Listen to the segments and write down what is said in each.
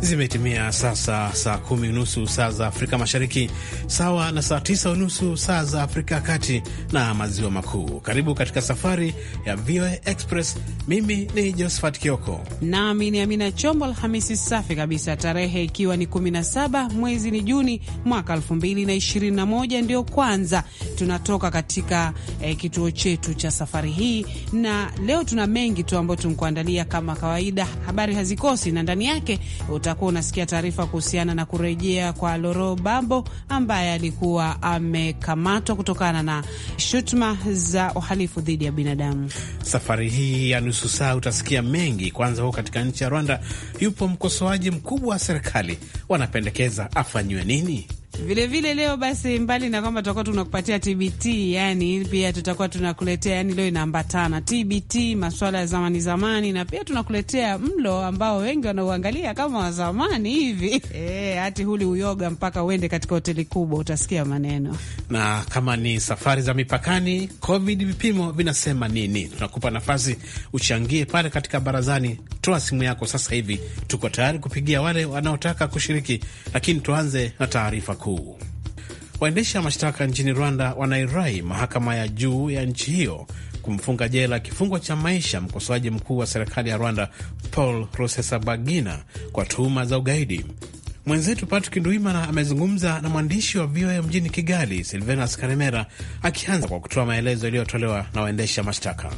Zimetimia sasa saa kumi unusu saa za Afrika Mashariki, sawa na saa tisa unusu saa za Afrika ya Kati na Maziwa Makuu. Karibu katika safari ya VOA Express. Mimi ni Josephat Kioko nami ni Amina Chombo. Alhamisi safi kabisa, tarehe ikiwa ni 17 mwezi ni Juni mwaka 2021, ndio kwanza tunatoka katika eh, kituo chetu cha safari hii, na leo tuna mengi tu ambayo tumekuandalia kama kawaida. Habari hazikosi na ndani yake uta utakuwa unasikia taarifa kuhusiana na kurejea kwa Loro Babo ambaye alikuwa amekamatwa kutokana na shutuma za uhalifu dhidi ya binadamu. Safari hii ya nusu saa utasikia mengi. Kwanza huko katika nchi ya Rwanda yupo mkosoaji mkubwa wa serikali, wanapendekeza afanyiwe nini? vile vile leo basi, mbali na kwamba tutakuwa tunakupatia TBT, yani pia tutakuwa tunakuletea, yani leo inaambatana TBT, maswala ya zamani zamani, na pia tunakuletea mlo ambao wengi wanauangalia kama wa zamani hivi e, hati huli uyoga mpaka uende katika hoteli kubwa, utasikia maneno. Na kama ni safari za mipakani, COVID vipimo vinasema nini? Tunakupa nafasi uchangie pale katika barazani. Toa simu yako sasa hivi, tuko tayari kupigia wale wanaotaka kushiriki, lakini tuanze na taarifa huu. Waendesha mashtaka nchini Rwanda wanairai mahakama ya juu ya nchi hiyo kumfunga jela kifungo cha maisha mkosoaji mkuu wa serikali ya Rwanda Paul Rusesabagina kwa tuhuma za ugaidi. Mwenzetu Patrick Nduimana amezungumza na mwandishi wa VOA mjini Kigali, Silvenas Karemera, akianza kwa kutoa maelezo yaliyotolewa na waendesha mashtaka.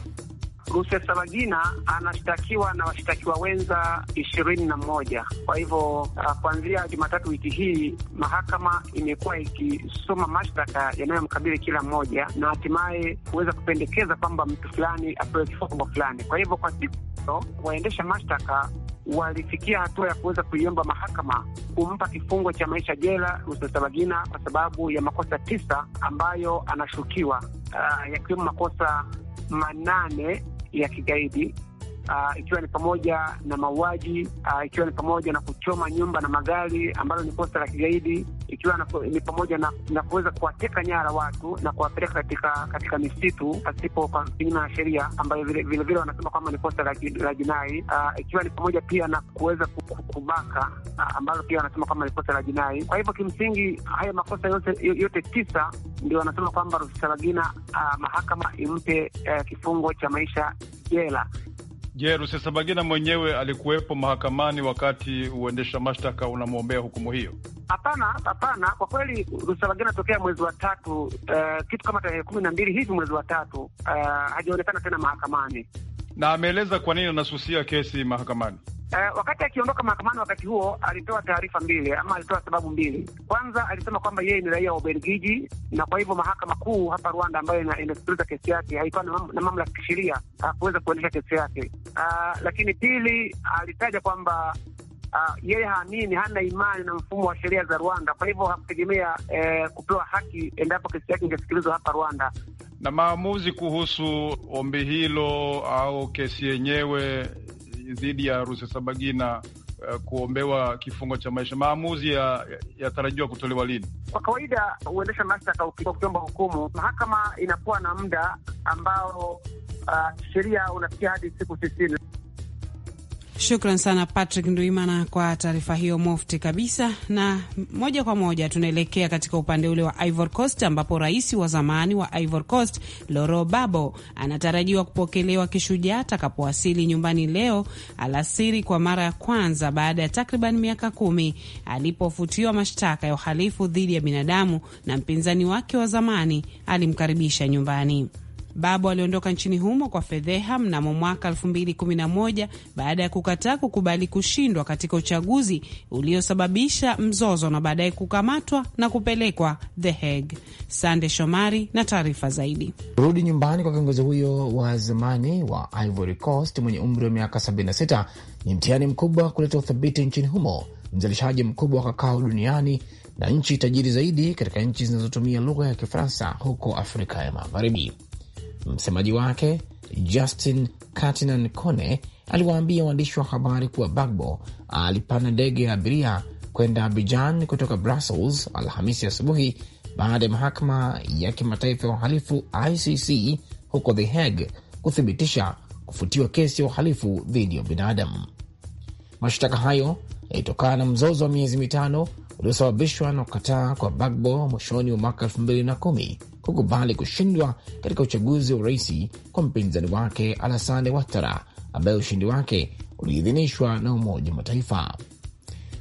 Sabagina anashtakiwa na washtakiwa wenza ishirini na moja. Kwa hivyo uh, kuanzia Jumatatu wiki hii mahakama imekuwa ikisoma mashtaka yanayomkabili kila mmoja na hatimaye kuweza kupendekeza kwamba mtu fulani apewe kifungo fulani. Kwa hivyo kwa siku waendesha mashtaka walifikia hatua ya kuweza kuiomba mahakama kumpa kifungo cha maisha jela Rusesabagina kwa sababu ya makosa tisa ambayo anashukiwa, uh, yakiwemo makosa manane ya kigaidi uh, ikiwa ni pamoja na mauaji uh, ikiwa ni pamoja na kuchoma nyumba na magari ambalo ni kosa la kigaidi, ikiwa ni pamoja na, na kuweza kuwateka nyara watu na kuwapeleka katika katika misitu pasipo kwa kinyume na sheria ambayo vilevile wanasema kwamba ni kosa la jinai uh, ikiwa ni pamoja pia na kuweza kubaka uh, ambalo pia wanasema kwamba ni kosa la jinai. Kwa hivyo kimsingi haya makosa yote, yote tisa ndio wanasema kwamba Rusesabagina uh, mahakama impe uh, kifungo cha maisha jela. Je, Rusesabagina mwenyewe alikuwepo mahakamani wakati uendesha mashtaka unamwombea hukumu hiyo? Hapana, hapana. Kwa kweli Rusesabagina tokea mwezi wa tatu, uh, kitu kama tarehe kumi na mbili hivi mwezi wa tatu, uh, hajaonekana tena mahakamani na ameeleza kwa nini anasusia kesi mahakamani. Uh, wakati akiondoka mahakamani wakati huo alitoa taarifa mbili ama alitoa sababu mbili. Kwanza alisema kwamba yeye ni raia wa Ubelgiji na kwa hivyo mahakama kuu hapa Rwanda ambayo inasikiliza kesi yake haikuwa na, mam, na mamlaka kisheria uh, kuweza kuendesha kesi yake uh, lakini pili alitaja kwamba uh, yeye haamini, hana imani na mfumo wa sheria za Rwanda. Kwa hivyo hakutegemea eh, kupewa haki endapo kesi yake ingesikilizwa hapa Rwanda. Na maamuzi kuhusu ombi hilo au kesi yenyewe dhidi ya Rusesabagina eh, kuombewa kifungo cha maisha, maamuzi yatarajiwa ya kutolewa lini? Kwa kawaida huendesha mashtaka ukiomba hukumu, mahakama inakuwa na muda ambao uh, sheria unafikia hadi siku tisini. Shukran sana Patrick Ndwimana kwa taarifa hiyo mofti kabisa. Na moja kwa moja tunaelekea katika upande ule wa Ivory Coast, ambapo rais wa zamani wa Ivory Coast Loro Babo anatarajiwa kupokelewa kishujaa atakapowasili nyumbani leo alasiri kwa mara ya kwanza baada ya takriban miaka kumi alipofutiwa mashtaka ya uhalifu dhidi ya binadamu na mpinzani wake wa zamani alimkaribisha nyumbani. Babo aliondoka nchini humo kwa fedheha mnamo mwaka 2011 baada ya kukataa kukubali kushindwa katika uchaguzi uliosababisha mzozo na baadaye kukamatwa na kupelekwa The Hague. Sande Shomari na taarifa zaidi. Rudi nyumbani kwa kiongozi huyo wa zamani wa Ivory Coast mwenye umri wa miaka 76 ni mtihani mkubwa kuleta uthabiti nchini humo, mzalishaji mkubwa wa kakao duniani na nchi tajiri zaidi katika nchi zinazotumia lugha ya Kifaransa huko Afrika ya Magharibi. Msemaji wake Justin Katinan Kone aliwaambia waandishi wa habari kuwa Bagbo alipanda ndege ya abiria kwenda Abidjan kutoka Brussels Alhamisi asubuhi baada ya mahakama ya kimataifa ya uhalifu ICC huko The Hague kuthibitisha kufutiwa kesi ya uhalifu dhidi ya binadamu. Mashtaka hayo yalitokana na mzozo wa miezi mitano uliosababishwa na kukataa kwa Bagbo mwishoni wa mwaka elfu mbili na kumi kukubali kushindwa katika uchaguzi wa urais kwa mpinzani wake Alassane Ouattara ambaye ushindi wake uliidhinishwa na Umoja wa Mataifa.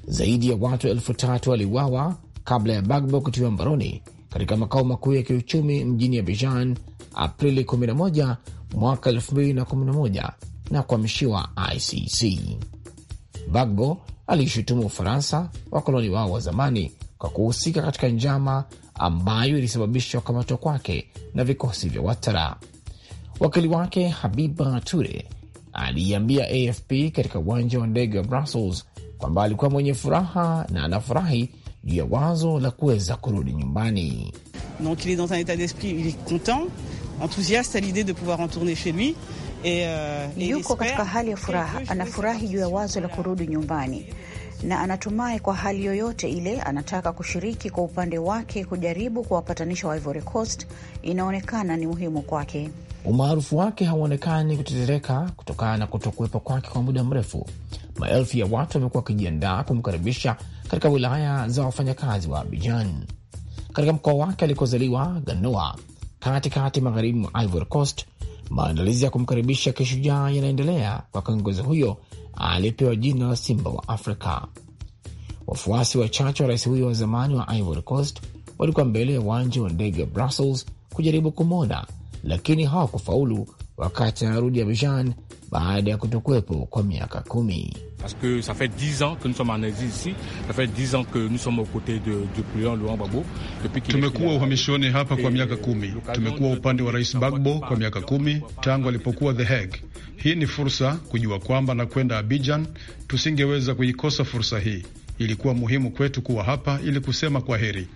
Zaidi ya watu elfu tatu waliuawa kabla ya Bagbo kutiwa mbaroni katika makao makuu ya kiuchumi mjini Abidjan Aprili 11 mwaka 2011 na kuhamishiwa ICC. Bagbo aliishutumu Ufaransa, wakoloni wao wa zamani, kwa kuhusika katika njama ambayo ilisababisha kukamatwa kwake na vikosi vya Watara. Wakili wake Habiba Ture aliiambia AFP katika uwanja wa ndege wa Brussels kwamba alikuwa mwenye furaha na anafurahi juu ya wazo la kuweza kurudi nyumbani. Donc il est dans un état d'esprit, il est content, enthousiaste à l'idée de pouvoir retourner chez lui. Euh, Yuko katika hali ya furaha, anafurahi juu ya wazo la kurudi nyumbani na anatumai kwa hali yoyote ile anataka kushiriki kwa upande wake kujaribu kuwapatanisha wa Ivory Coast inaonekana ni muhimu kwake. Umaarufu wake hauonekani kutetereka kutokana na kutokuwepo kwake kwa muda mrefu. Maelfu ya watu wamekuwa wakijiandaa kumkaribisha katika wilaya za wafanyakazi wa abijan katika mkoa wake alikozaliwa Ganoa, katikati magharibi mwa Ivory Coast. Maandalizi ya kumkaribisha kishujaa yanaendelea kwa kiongozi huyo alipewa jina la simba wa Afrika. Wafuasi wachache wa rais huyo wa zamani wa Ivory Coast walikuwa mbele ya uwanja wa ndege wa Brussels kujaribu kumwona, lakini hawakufaulu wakati anarudi Abidjan baada ya kutokuwepo kwa miaka kumi. Tumekuwa uhamishoni hapa kwa miaka kumi, tumekuwa upande wa Rais Bagbo kwa miaka kumi tangu alipokuwa The Hague. Hii ni fursa kujua kwamba na kwenda Abidjan, tusingeweza kuikosa fursa hii. Ilikuwa muhimu kwetu kuwa hapa ili kusema kwa heri.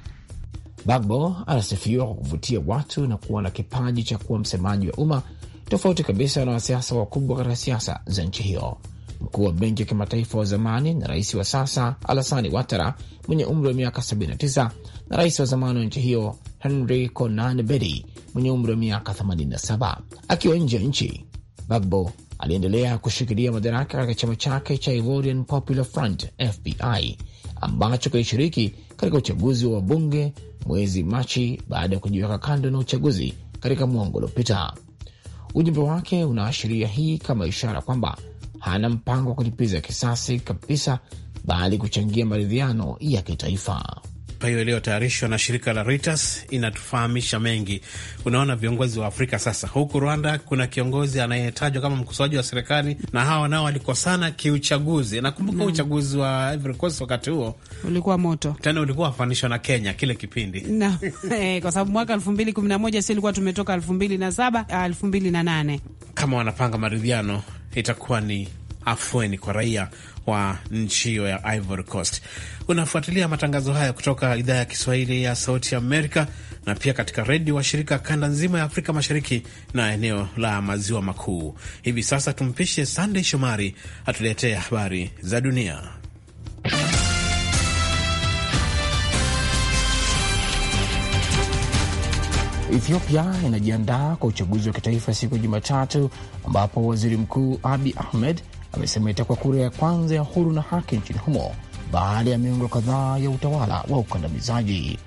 Bagbo anasifiwa kwa kuvutia watu na kuwa na kipaji cha kuwa msemaji wa umma tofauti kabisa na wanasiasa wakubwa katika siasa za nchi hiyo. Mkuu wa benki ya kimataifa wa zamani na rais wa sasa Alasani Watara mwenye umri wa miaka 79 na rais wa zamani wa nchi hiyo Henry Konan Bedi mwenye umri wa miaka 87 akiwa nje ya nchi. Bagbo aliendelea kushikilia madaraka katika chama chake cha Ivorian Popular Front FBI ambacho kilishiriki katika uchaguzi wa bunge mwezi Machi baada ya kujiweka kando na uchaguzi katika mwongo uliopita. Ujumbe wake unaashiria hii kama ishara kwamba hana mpango wa kulipiza kisasi kabisa, bali kuchangia maridhiano ya kitaifa taarifa hiyo iliyotayarishwa na shirika la Reuters inatufahamisha mengi. Unaona viongozi wa Afrika sasa, huku Rwanda kuna kiongozi anayetajwa kama mkosoaji wa serikali na hawa nao walikosana kiuchaguzi. Nakumbuka mm. uchaguzi wa Ivory Coast wakati huo ulikuwa moto tena, ulikuwa wafanishwa na Kenya kile kipindi no. Eh, kwa sababu mwaka elfu mbili kumi na moja si ilikuwa tumetoka elfu mbili na saba elfu mbili na nane kama wanapanga maridhiano itakuwa ni afueni kwa raia wa nchi hiyo ya Ivory Coast. Unafuatilia matangazo haya kutoka idhaa ya Kiswahili ya Sauti Amerika na pia katika redio wa shirika kanda nzima ya Afrika Mashariki na eneo la Maziwa Makuu. Hivi sasa tumpishe Sandey Shomari atuletee habari za dunia. Ethiopia inajiandaa kwa uchaguzi wa kitaifa siku ya Jumatatu ambapo waziri mkuu Abi Ahmed amesema itakuwa kura ya kwanza ya huru na haki nchini humo baada ya miongo kadhaa ya utawala wa ukandamizaji.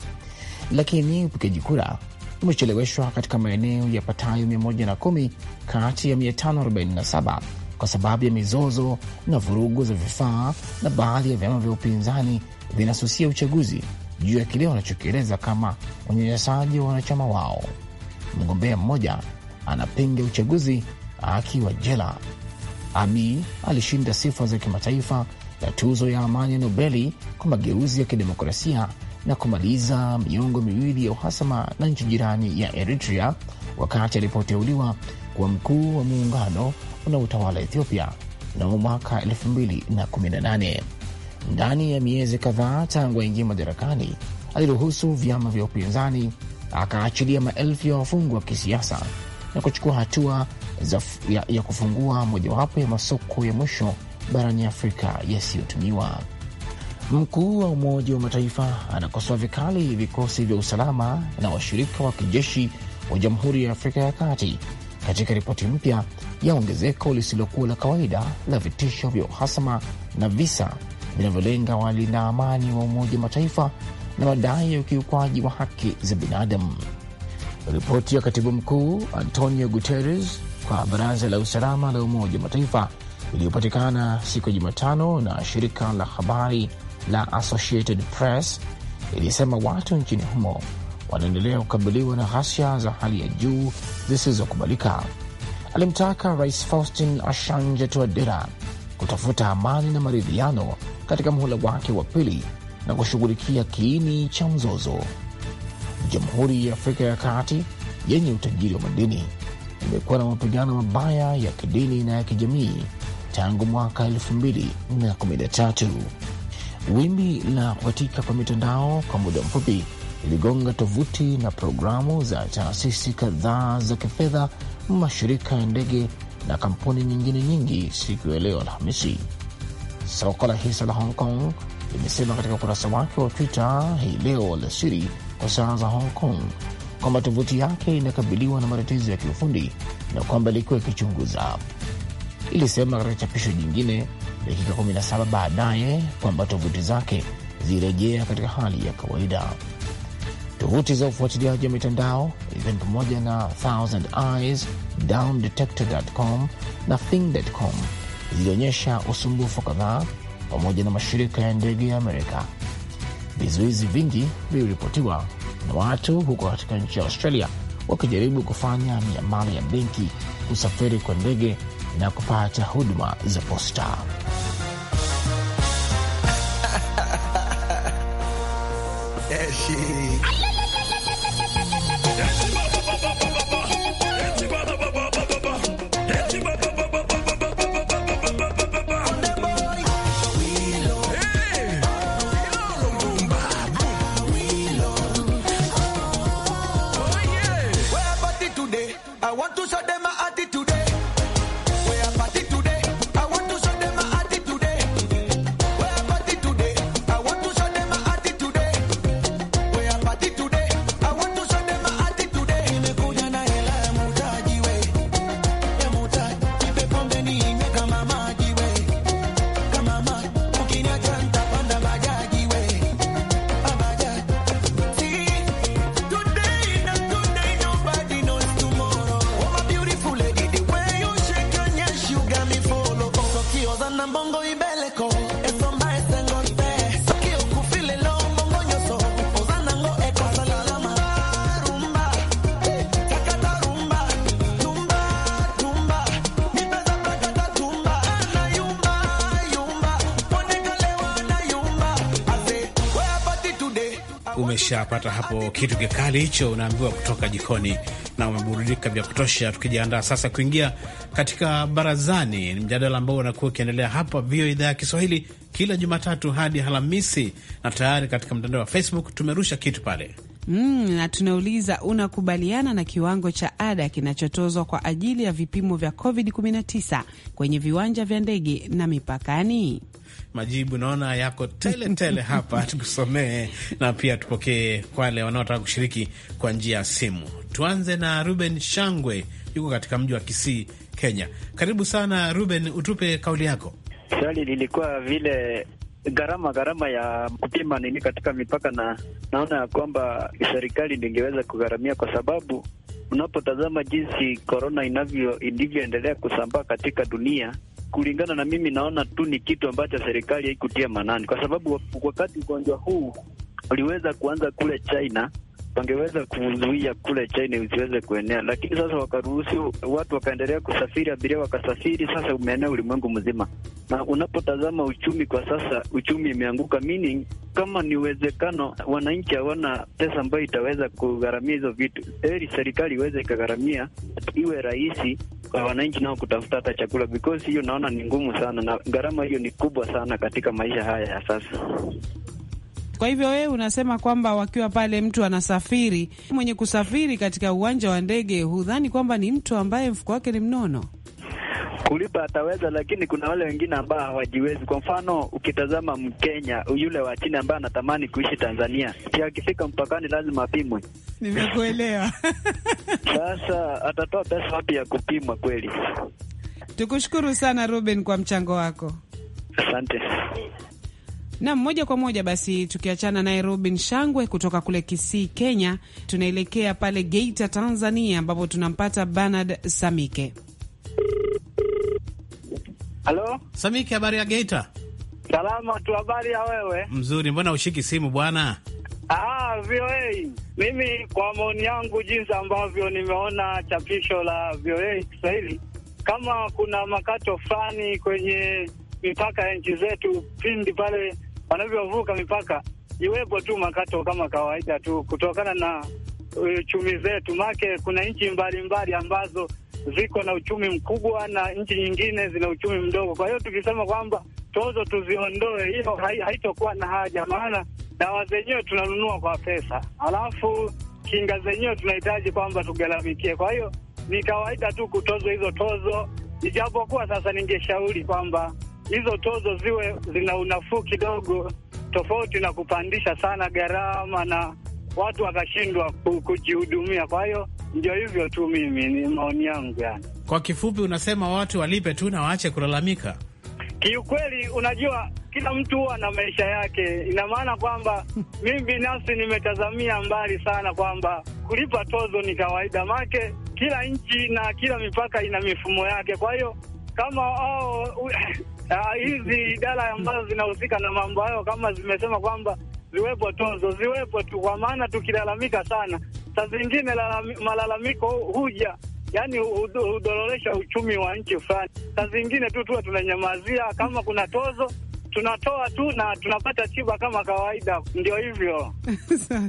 Lakini upigaji kura umecheleweshwa katika maeneo ya patayo 110 kati ya 547 kwa sababu ya mizozo na vurugu za vifaa, na baadhi ya vyama vya upinzani vinasusia uchaguzi juu ya kile wanachokieleza kama unyanyasaji wa wanachama wao. Mgombea mmoja anapinga uchaguzi akiwa jela Amin alishinda sifa za kimataifa na tuzo ya amani ya Nobeli kwa mageuzi ya kidemokrasia na kumaliza miongo miwili ya uhasama na nchi jirani ya Eritrea wakati alipoteuliwa kuwa mkuu wa muungano unaotawala Ethiopia mnamo mwaka 2018. Ndani ya miezi kadhaa tangu aingia madarakani, aliruhusu vyama vya upinzani, akaachilia maelfu ya wafungwa wa kisiasa na kuchukua hatua za, ya, ya kufungua mojawapo ya masoko ya mwisho barani Afrika yasiyotumiwa. Mkuu wa Umoja wa Mataifa anakosoa vikali vikosi vya usalama na washirika wa kijeshi wa Jamhuri ya Afrika ya Kati katika ripoti mpya ya ongezeko lisilokuwa la kawaida la vitisho vya uhasama na visa vinavyolenga walinda amani wa Umoja wa Mataifa na madai ya ukiukwaji wa haki za binadamu. Ripoti ya katibu mkuu Antonio Guterres kwa Baraza la Usalama la Umoja wa Mataifa iliyopatikana siku ya Jumatano na shirika la habari la Associated Press ilisema watu nchini humo wanaendelea kukabiliwa na ghasia za hali ya juu zisizokubalika. Alimtaka Rais Faustin Archange Touadera kutafuta amani na maridhiano katika muhula wake wa pili na kushughulikia kiini cha mzozo. Jamhuri ya Afrika ya Kati yenye utajiri wa madini kumekuwa na mapigano mabaya ya kidini na ya kijamii tangu mwaka 213 Wimbi la kukatika kwa mitandao kwa muda mfupi iligonga tovuti na programu za taasisi kadhaa za kifedha, mashirika ya ndege na kampuni nyingine nyingi siku ya leo Alhamisi. Soko la hisa la Hong Kong limesema katika ukurasa wake wa Twitter hii leo alasiri kwa saa za Hong Kong kwamba tovuti yake inakabiliwa na matatizo ya kiufundi na kwamba ilikuwa ikichunguza. Ilisema katika chapisho jingine dakika 17 baadaye kwamba tovuti zake zilirejea katika hali ya kawaida. Tovuti za ufuatiliaji wa mitandao ikiwa ni pamoja na Thousand Eyes, Downdetector.com na Thing.com zilionyesha usumbufu kadhaa, pamoja na mashirika ya ndege ya Amerika. Vizuizi vingi viliripotiwa na watu huko katika nchi ya Australia wakijaribu kufanya miamala ya benki, kusafiri kwa ndege na kupata huduma za posta. Ukishapata hapo kitu kikali hicho, unaambiwa kutoka jikoni na umeburudika vya kutosha. Tukijiandaa sasa kuingia katika barazani, ni mjadala ambao unakuwa ukiendelea hapa vio idhaa ya Kiswahili kila Jumatatu hadi Alhamisi, na tayari katika mtandao wa Facebook tumerusha kitu pale Mm, na tunauliza unakubaliana na kiwango cha ada kinachotozwa kwa ajili ya vipimo vya COVID-19 kwenye viwanja vya ndege na mipakani? Majibu naona yako tele tele hapa, tukusomee na pia tupokee wale wanaotaka kushiriki kwa njia ya simu. Tuanze na Ruben Shangwe, yuko katika mji wa Kisii, Kenya. Karibu sana Ruben, utupe kauli yako. Swali lilikuwa vile gharama gharama ya kupima nini katika mipaka, na naona ya kwamba serikali ndingeweza kugharamia, kwa sababu unapotazama jinsi korona inavyo ilivyoendelea kusambaa katika dunia kulingana na mimi naona tu ni kitu ambacho serikali haikutia manani kwa sababu wakati ugonjwa huu uliweza kuanza kule China, wangeweza kuzuia kule China usiweze kuenea, lakini sasa wakaruhusu watu wakaendelea kusafiri, abiria wakasafiri, sasa umeenea ulimwengu mzima. Na unapotazama uchumi kwa sasa, uchumi imeanguka, meaning kama ni uwezekano, wananchi hawana pesa ambayo itaweza kugharamia hizo vitu. Heri serikali iweze ikagharamia, iwe rahisi kwa wananchi nao kutafuta hata chakula, because hiyo naona ni ngumu sana, na gharama hiyo ni kubwa sana katika maisha haya ya sasa. Kwa hivyo wewe unasema kwamba wakiwa pale mtu anasafiri, mwenye kusafiri katika uwanja wa ndege, hudhani kwamba ni mtu ambaye mfuko wake ni mnono? Kulipa ataweza, lakini kuna wale wengine ambao hawajiwezi. Kwa mfano, ukitazama Mkenya yule wa chini ambaye anatamani kuishi Tanzania, pia akifika mpakani lazima apimwe? Nimekuelewa. Sasa atatoa pesa wapi ya kupimwa kweli? Tukushukuru sana Ruben kwa mchango wako, asante. Nam, moja kwa moja basi, tukiachana naye Robin Shangwe kutoka kule Kisii, Kenya, tunaelekea pale Geita, Tanzania, ambapo tunampata Bernard Samike. Halo Samike, habari ya Geita? Salama tu, habari ya wewe? Mzuri. Mbona ushiki simu bwana? Ah, VOA. Mimi kwa maoni yangu, jinsi ambavyo nimeona chapisho la VOA Kiswahili, kama kuna makato fulani kwenye mipaka ya nchi zetu pindi pale wanavyovuka mipaka iwepo tu makato kama kawaida tu, kutokana na e, uchumi zetu, make kuna nchi mbalimbali ambazo ziko na uchumi mkubwa na nchi nyingine zina uchumi mdogo. Kwa hiyo tukisema kwamba tozo tuziondoe, hiyo haitokuwa na haja, maana dawa zenyewe tunanunua kwa pesa, alafu kinga zenyewe tunahitaji kwamba tugharamikie. Kwa hiyo ni kawaida tu kutozwa hizo tozo, ijapokuwa sasa ningeshauri kwamba hizo tozo ziwe zina unafuu kidogo, tofauti na kupandisha sana gharama na watu wakashindwa kujihudumia. Kwa hiyo ndio hivyo tu, mimi ni maoni yangu yani. Kwa kifupi, unasema watu walipe tu na waache kulalamika. Kiukweli, unajua kila mtu huwa na maisha yake. Ina maana kwamba mimi binafsi nimetazamia mbali sana kwamba kulipa tozo ni kawaida, make kila nchi na kila mipaka ina mifumo yake. Kwa hiyo kama oh, Ah, hizi idara ambazo zinahusika na mambo hayo kama zimesema kwamba ziwepo tozo, ziwepo tu, kwa maana tukilalamika sana, saa zingine malalamiko huja yani hudororesha uchumi wa nchi fulani. Saa zingine tu tuwa tunanyamazia, kama kuna tozo tunatoa tu na tunapata tiba kama kawaida, ndio hivyo.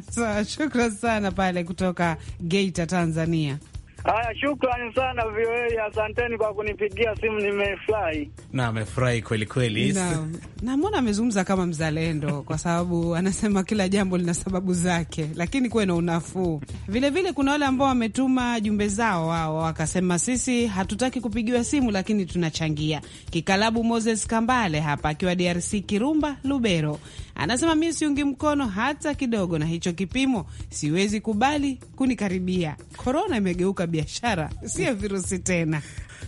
Sasa shukran sana pale kutoka Geita, Tanzania. Haya, shukrani sana VOA, asanteni kwa kunipigia simu, nimefurahi na amefurahi kweli kweli. Namwona amezungumza kama mzalendo kwa sababu anasema kila jambo lina sababu zake, lakini kuwe na unafuu vilevile. Kuna wale ambao wametuma jumbe zao wao wakasema, sisi hatutaki kupigiwa simu, lakini tunachangia. Kikalabu Moses Kambale hapa akiwa DRC, Kirumba, Lubero Anasema mi siungi mkono hata kidogo na hicho kipimo, siwezi kubali kunikaribia. Korona imegeuka biashara, sio virusi tena.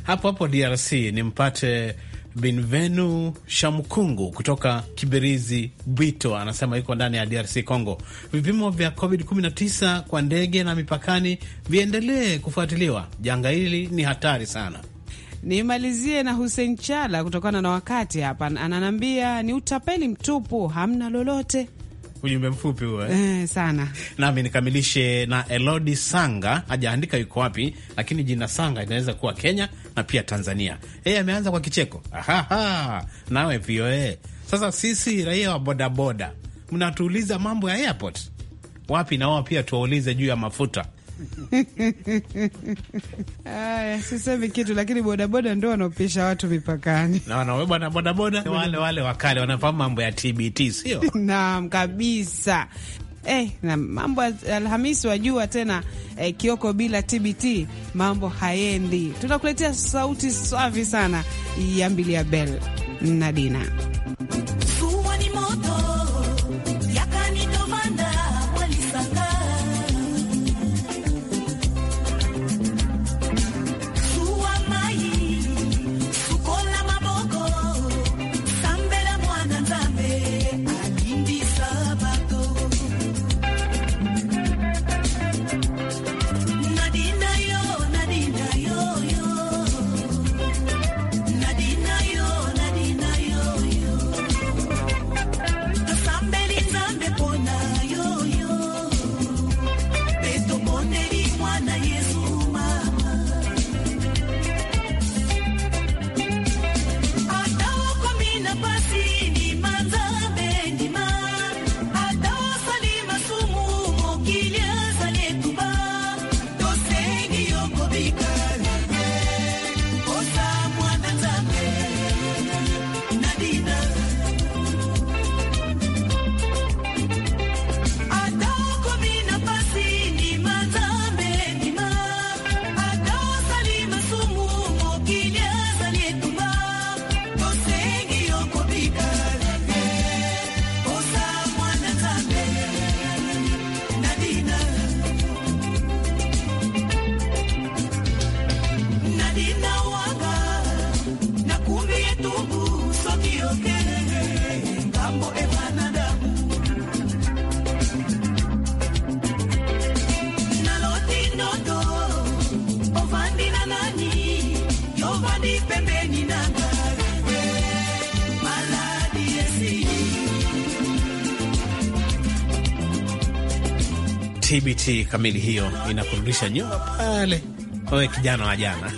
Hapo hapo DRC nimpate Binvenu Shamkungu kutoka Kibirizi Bwito, anasema yuko ndani ya DRC Congo. Vipimo vya COVID-19 kwa ndege na mipakani viendelee kufuatiliwa, janga hili ni hatari sana. Nimalizie na Hussein Chala kutokana na wakati hapa, ananambia ni utapeli mtupu, hamna lolote. Ujumbe mfupi huo eh, eh sana. Nami nikamilishe na Elodi Sanga, ajaandika yuko wapi, lakini jina Sanga inaweza kuwa Kenya na pia Tanzania. Yeye ameanza kwa kicheko, ahaha, nawe VOA. Sasa sisi raia wa bodaboda mnatuuliza mambo ya airport, wapi na wao pia tuwaulize juu ya mafuta Aya, sisemi kitu, lakini bodaboda ndo wanaopisha watu mipakani na wanawebwa na bodaboda wale wale wakale wanafahamu mambo ya TBT, sio? Naam, kabisa. Eh, na mambo Alhamisi wajua tena eh, Kioko, bila TBT mambo haendi. Tunakuletea sauti safi sana ya Mbilia Bel na Dina. basi kamili hiyo inakurudisha nyuma pale, wewe kijana wa jana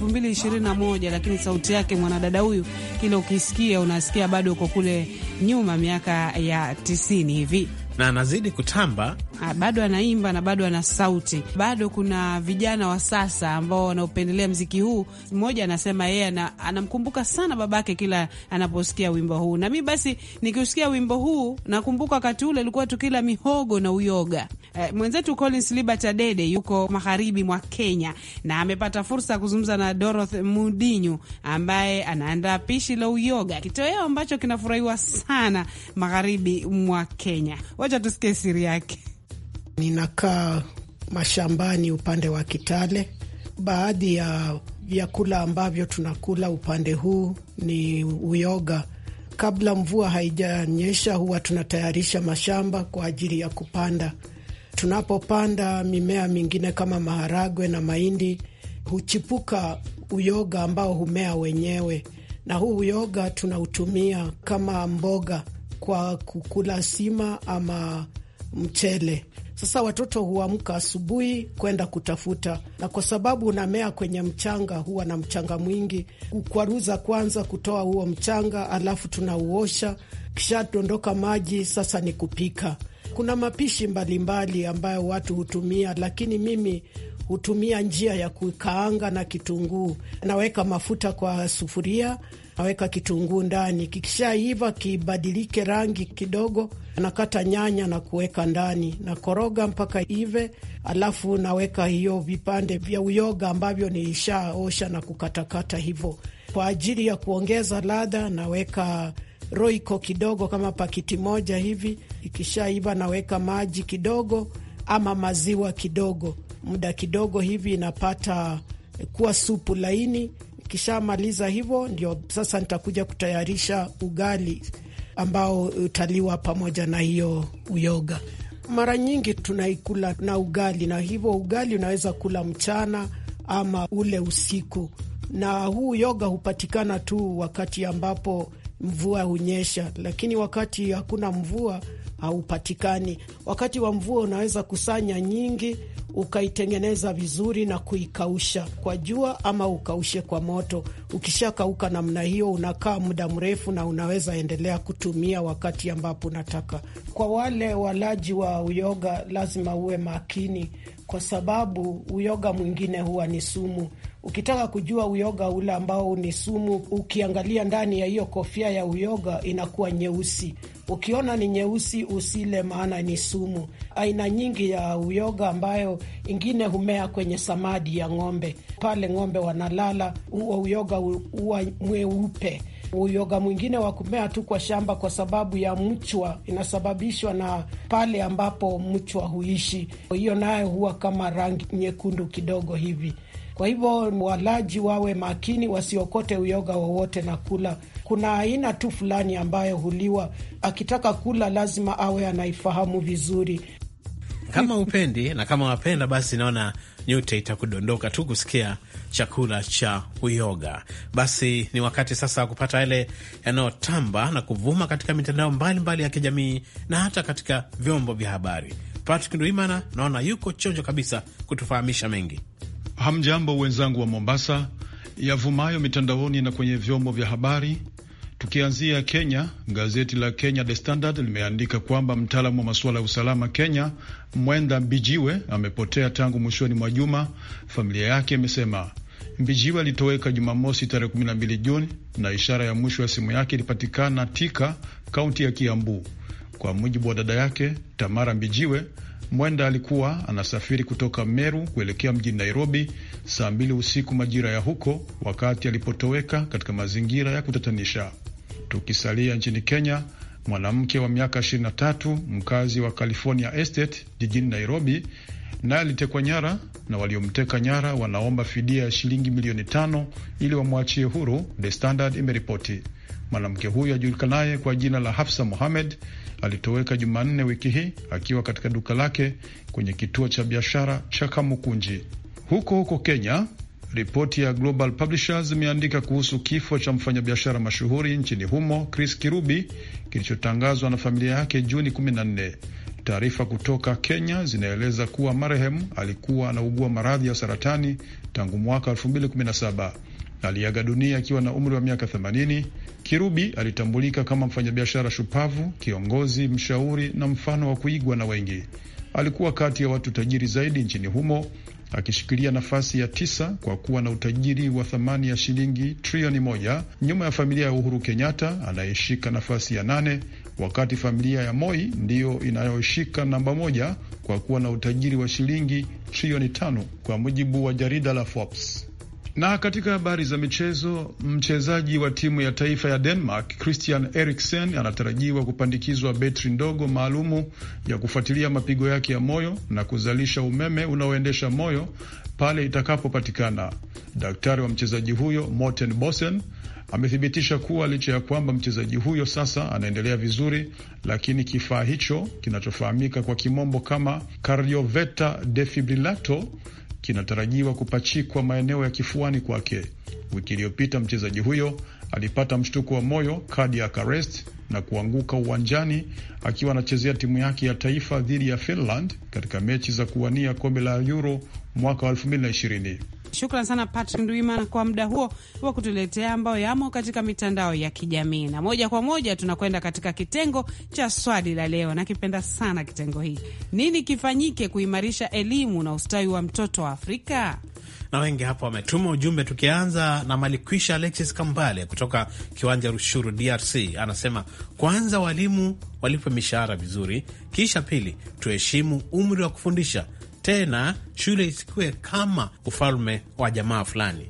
2021 lakini sauti yake mwanadada huyu, kila ukisikia unasikia bado uko kule nyuma, miaka ya tisini hivi, na anazidi kutamba ha, ah, bado anaimba na bado ana sauti. Bado kuna vijana wa sasa ambao wanaopendelea mziki huu. Mmoja anasema yeye anamkumbuka sana babake kila anaposikia wimbo huu, na mi basi nikiusikia wimbo huu nakumbuka wakati ule ulikuwa tukila mihogo na uyoga Eh, mwenzetu Collins Liberta yuko magharibi mwa Kenya na amepata fursa ya kuzungumza na Dorothy Mudinyu ambaye anaandaa pishi la uyoga, kitoweo ambacho kinafurahiwa sana magharibi mwa Kenya. Wacha tusikie siri yake. Ninakaa mashambani upande wa Kitale. Baadhi ya vyakula ambavyo tunakula upande huu ni uyoga. Kabla mvua haijanyesha, huwa tunatayarisha mashamba kwa ajili ya kupanda tunapopanda mimea mingine kama maharagwe na mahindi huchipuka uyoga ambao humea wenyewe, na huu uyoga tunautumia kama mboga kwa kukula sima ama mchele. Sasa watoto huamka asubuhi kwenda kutafuta, na kwa sababu unamea kwenye mchanga, huwa na mchanga mwingi, kukwaruza kwanza kutoa huo mchanga, alafu tunauosha, kishadondoka maji, sasa ni kupika kuna mapishi mbalimbali mbali ambayo watu hutumia, lakini mimi hutumia njia ya kukaanga na kitunguu. Naweka mafuta kwa sufuria, naweka kitunguu ndani, kikishaiva kibadilike rangi kidogo, nakata nyanya na kuweka ndani, nakoroga mpaka ive, alafu naweka hiyo vipande vya uyoga ambavyo nilishaosha na kukatakata hivyo. Kwa ajili ya kuongeza ladha, naweka roiko kidogo, kama pakiti moja hivi. Ikishaiva naweka maji kidogo ama maziwa kidogo, muda kidogo hivi, inapata kuwa supu laini. Ikishamaliza hivyo, ndio sasa nitakuja kutayarisha ugali ambao utaliwa pamoja na hiyo uyoga. Mara nyingi tunaikula na ugali, na hivyo ugali unaweza kula mchana ama ule usiku, na huu uyoga hupatikana tu wakati ambapo mvua hunyesha, lakini wakati hakuna mvua haupatikani. Wakati wa mvua unaweza kusanya nyingi ukaitengeneza vizuri na kuikausha kwa jua ama ukaushe kwa moto. Ukishakauka namna hiyo, unakaa muda mrefu na unaweza endelea kutumia wakati ambapo unataka. Kwa wale walaji wa uyoga, lazima uwe makini, kwa sababu uyoga mwingine huwa ni sumu. Ukitaka kujua uyoga ule ambao ni sumu, ukiangalia ndani ya hiyo kofia ya uyoga inakuwa nyeusi. Ukiona ni nyeusi, usile, maana ni sumu. Aina nyingi ya uyoga ambayo ingine humea kwenye samadi ya ng'ombe, pale ng'ombe wanalala, huo uyoga huwa mweupe. Uyoga mwingine wa kumea tu kwa shamba kwa sababu ya mchwa, inasababishwa na pale ambapo mchwa huishi, hiyo nayo huwa kama rangi nyekundu kidogo hivi. Kwa hivyo walaji wawe makini, wasiokote uyoga wowote na kula. Kuna aina tu fulani ambayo huliwa, akitaka kula lazima awe anaifahamu vizuri. Kama upendi na kama wapenda, basi naona nyute itakudondoka tu kusikia chakula cha uyoga. Basi ni wakati sasa wa kupata yale yanayotamba na kuvuma katika mitandao mbalimbali mbali ya kijamii na hata katika vyombo vya habari. Patrick Ndwimana naona yuko chonjo kabisa kutufahamisha mengi. Hamjambo wenzangu wa Mombasa, yavumayo mitandaoni na kwenye vyombo vya habari. Tukianzia Kenya, gazeti la Kenya The Standard limeandika kwamba mtaalamu wa masuala ya usalama Kenya Mwenda Mbijiwe amepotea tangu mwishoni mwa juma, familia yake imesema. Mbijiwe alitoweka Jumamosi tarehe 12 Juni na ishara ya mwisho ya simu yake ilipatikana Tika, kaunti ya Kiambu. Kwa mujibu wa dada yake Tamara Mbijiwe, Mwenda alikuwa anasafiri kutoka Meru kuelekea mjini Nairobi saa mbili usiku majira ya huko, wakati alipotoweka katika mazingira ya kutatanisha. Tukisalia nchini Kenya, mwanamke wa miaka 23 mkazi wa California Estate jijini Nairobi naye alitekwa nyara na waliomteka nyara wanaomba fidia ya shilingi milioni tano ili wamwachie huru, The Standard imeripoti. Mwanamke huyo ajulikanaye kwa jina la Hafsa Mohamed alitoweka Jumanne wiki hii akiwa katika duka lake kwenye kituo cha biashara cha Kamukunji huko huko Kenya. Ripoti ya Global Publishers imeandika kuhusu kifo cha mfanyabiashara mashuhuri nchini humo Chris Kirubi kilichotangazwa na familia yake Juni 14. Taarifa kutoka Kenya zinaeleza kuwa marehemu alikuwa anaugua maradhi ya saratani tangu mwaka 2017 aliaga dunia akiwa na umri wa miaka 80. Kirubi alitambulika kama mfanyabiashara shupavu, kiongozi, mshauri na mfano wa kuigwa na wengi. Alikuwa kati ya watu tajiri zaidi nchini humo akishikilia nafasi ya tisa kwa kuwa na utajiri wa thamani ya shilingi trilioni moja nyuma ya familia ya Uhuru Kenyatta anayeshika nafasi ya nane, wakati familia ya Moi ndiyo inayoshika namba moja kwa kuwa na utajiri wa shilingi trilioni tano kwa mujibu wa jarida la Forbes. Na katika habari za michezo, mchezaji wa timu ya taifa ya Denmark Christian Eriksen anatarajiwa kupandikizwa betri ndogo maalumu ya kufuatilia mapigo yake ya moyo na kuzalisha umeme unaoendesha moyo pale itakapopatikana. Daktari wa mchezaji huyo Morten Bosen amethibitisha kuwa licha ya kwamba mchezaji huyo sasa anaendelea vizuri, lakini kifaa hicho kinachofahamika kwa kimombo kama cardioveta defibrilator kinatarajiwa kupachikwa maeneo ya kifuani kwake. Wiki iliyopita mchezaji huyo alipata mshtuko wa moyo cardiac arrest na kuanguka uwanjani akiwa anachezea timu yake ya taifa dhidi ya Finland katika mechi za kuwania kombe la Euro mwaka wa Shukran sana Patrick Ndwimana kwa muda huo wa kutuletea ambayo yamo katika mitandao ya kijamii, na moja kwa moja tunakwenda katika kitengo cha swali la leo. Nakipenda sana kitengo hii. Nini kifanyike kuimarisha elimu na ustawi wa mtoto wa Afrika? na wengi hapa wametuma ujumbe, tukianza na Malikwisha Alexis Kambale kutoka Kiwanja Rushuru, DRC, anasema kwanza walimu walipe mishahara vizuri, kisha pili tuheshimu umri wa kufundisha tena shule isikuwe kama ufalme wa jamaa fulani.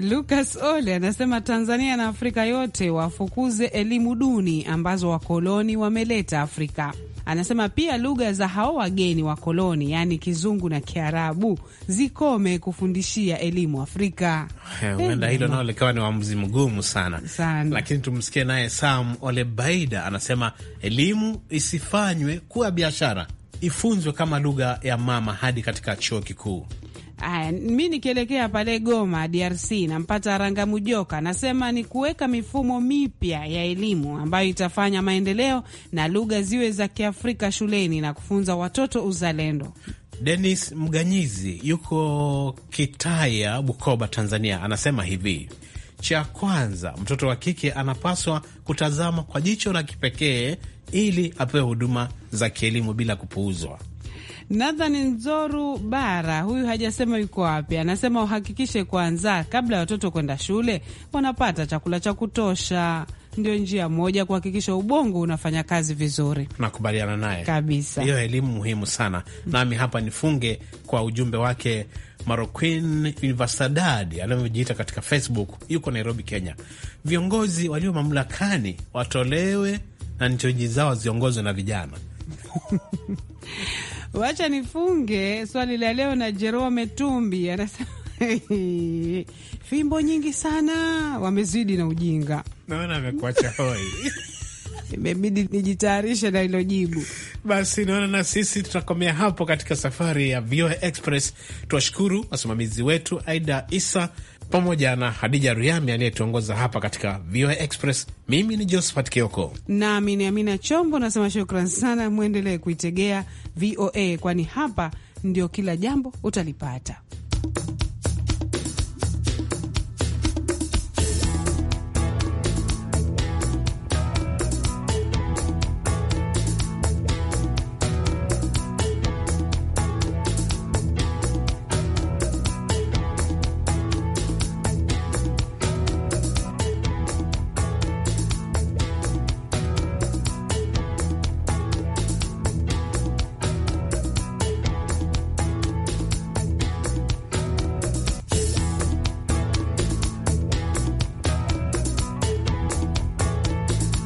Lucas Ole anasema Tanzania na Afrika yote wafukuze elimu duni ambazo wakoloni wameleta Afrika. Anasema pia lugha za hao wageni wa koloni, yaani Kizungu na Kiarabu zikome kufundishia elimu Afrika. Huenda hilo nao likawa ni uamuzi mgumu sana sana, lakini tumsikie naye Sam Ole Baida anasema elimu isifanywe kuwa biashara ifunzwe kama lugha ya mama hadi katika chuo kikuu. Aya, mi nikielekea pale Goma DRC nampata Ranga Mujoka, nasema ni kuweka mifumo mipya ya elimu ambayo itafanya maendeleo na lugha ziwe za Kiafrika shuleni na kufunza watoto uzalendo. Denis Mganyizi yuko Kitaya, Bukoba, Tanzania, anasema hivi: cha kwanza, mtoto wa kike anapaswa kutazama kwa jicho la kipekee ili apewe huduma za kielimu bila kupuuzwa. Nathan Nzoru Bara huyu hajasema yuko wapi, anasema uhakikishe kwanza kabla ya watoto kwenda shule wanapata chakula cha kutosha. Ndio njia moja kuhakikisha ubongo unafanya kazi vizuri. Nakubaliana naye kabisa, hiyo elimu muhimu sana. Nami hapa nifunge kwa ujumbe wake Maroquin Universidad anavyojiita katika Facebook, yuko Nairobi, Kenya. Viongozi walio mamlakani watolewe na nchi zao ziongozwe na vijana. Wacha nifunge swali la leo na Jerome Tumbi anasema fimbo nyingi sana wamezidi na ujinga, naona amekuacha hoi imebidi nijitayarishe na hilo jibu. Basi naona na sisi tutakomea hapo katika safari ya VOA Express. Tuwashukuru wasimamizi wetu Aida Isa pamoja na Hadija Ruyami anayetuongoza hapa katika VOA Express. Mimi ni Josephat Kioko nami ni Amina Chombo, nasema shukran sana, mwendelee kuitegea VOA kwani hapa ndio kila jambo utalipata.